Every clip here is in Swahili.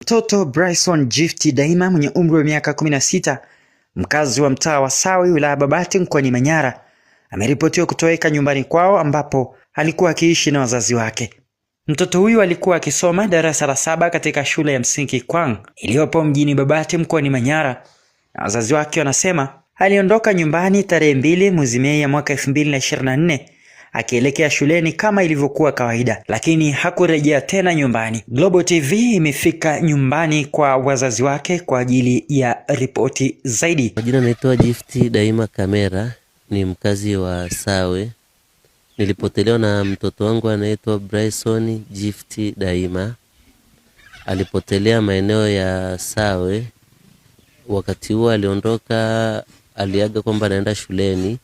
Mtoto Bryson Gift Daima mwenye umri wa miaka 16 mkazi wa mtaa wa Sawi wilaya Babati mkoani Manyara ameripotiwa kutoweka nyumbani kwao ambapo alikuwa akiishi na wazazi wake. Mtoto huyu alikuwa akisoma darasa la saba katika shule ya msingi Kwang iliyopo mjini Babati mkoani Manyara na wazazi wake wanasema aliondoka nyumbani tarehe mbili mwezi Mei ya mwaka 2024 akielekea shuleni kama ilivyokuwa kawaida, lakini hakurejea tena nyumbani. Global TV imefika nyumbani kwa wazazi wake kwa ajili ya ripoti zaidi. Majina naitwa Gift Daima Kamera, ni mkazi wa Sawe. Nilipotelewa na mtoto wangu anaitwa Bryson Gift Daima, alipotelea maeneo ya Sawe. Wakati huo aliondoka, aliaga kwamba anaenda shuleni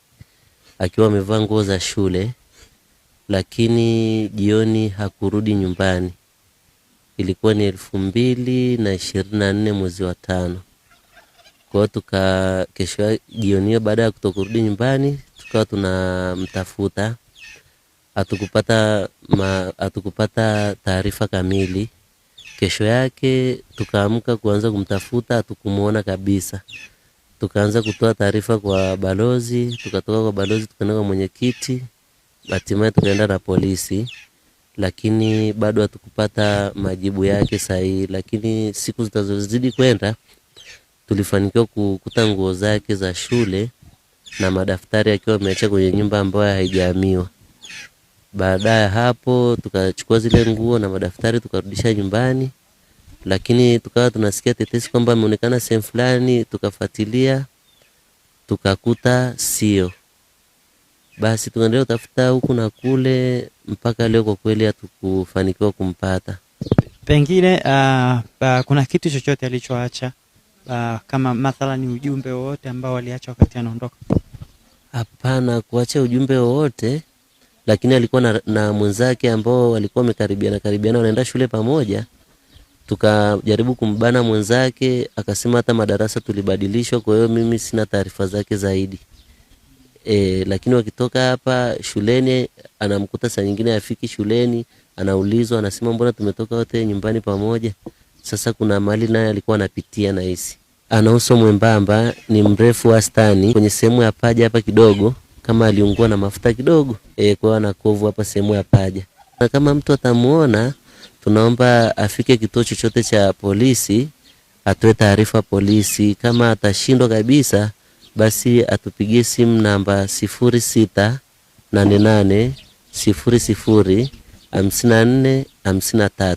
akiwa amevaa nguo za shule lakini jioni hakurudi nyumbani. Ilikuwa ni elfu mbili na ishirini na nne mwezi wa tano. Kwa hiyo tuka kesho jioni hiyo, baada ya kutokurudi nyumbani, tukawa tunamtafuta, hatukupata hatukupata taarifa kamili. Kesho yake tukaamka kuanza kumtafuta, hatukumuona kabisa. Tukaanza kutoa taarifa kwa balozi, tukatoka kwa balozi tukaenda kwa mwenyekiti Hatimaye tukaenda na polisi, lakini bado hatukupata majibu yake sahihi. Lakini siku zitazozidi kwenda, tulifanikiwa kukuta nguo zake za shule na madaftari akiwa ameacha kwenye nyumba ambayo haijahamiwa. Baada ya hapo, tukachukua zile nguo na madaftari tukarudisha nyumbani, lakini tukawa tunasikia tetesi kwamba ameonekana sehemu fulani, tukafuatilia tukakuta sio. Basi tunaendelea kutafuta huku na kule mpaka leo, kwa kweli hatukufanikiwa kumpata. Pengine uh, uh, kuna kitu chochote alichoacha uh, kama mathala ni ujumbe wowote ambao aliacha wakati anaondoka? Hapana, kuacha ujumbe wowote, lakini alikuwa na, na mwenzake ambao walikuwa wamekaribiana karibiana, wanaenda shule pamoja. Tukajaribu kumbana mwenzake, akasema hata madarasa tulibadilishwa, kwa hiyo mimi sina taarifa zake zaidi e, lakini wakitoka hapa shuleni anamkuta saa nyingine afiki shuleni, anaulizwa anasema, mbona tumetoka wote nyumbani pamoja? Sasa kuna mali naye alikuwa anapitia, na hisi ana uso mwembamba, ni mrefu wastani, kwenye sehemu ya paja hapa kidogo, kama aliungua na mafuta kidogo e, kwa ana kovu hapa sehemu ya paja, na kama mtu atamuona, tunaomba afike kituo chochote cha polisi, atoe taarifa polisi. Kama atashindwa kabisa basi atupigie simu namba sifuri sita nane nane sifuri sifuri hamsini na nne hamsini na tatu.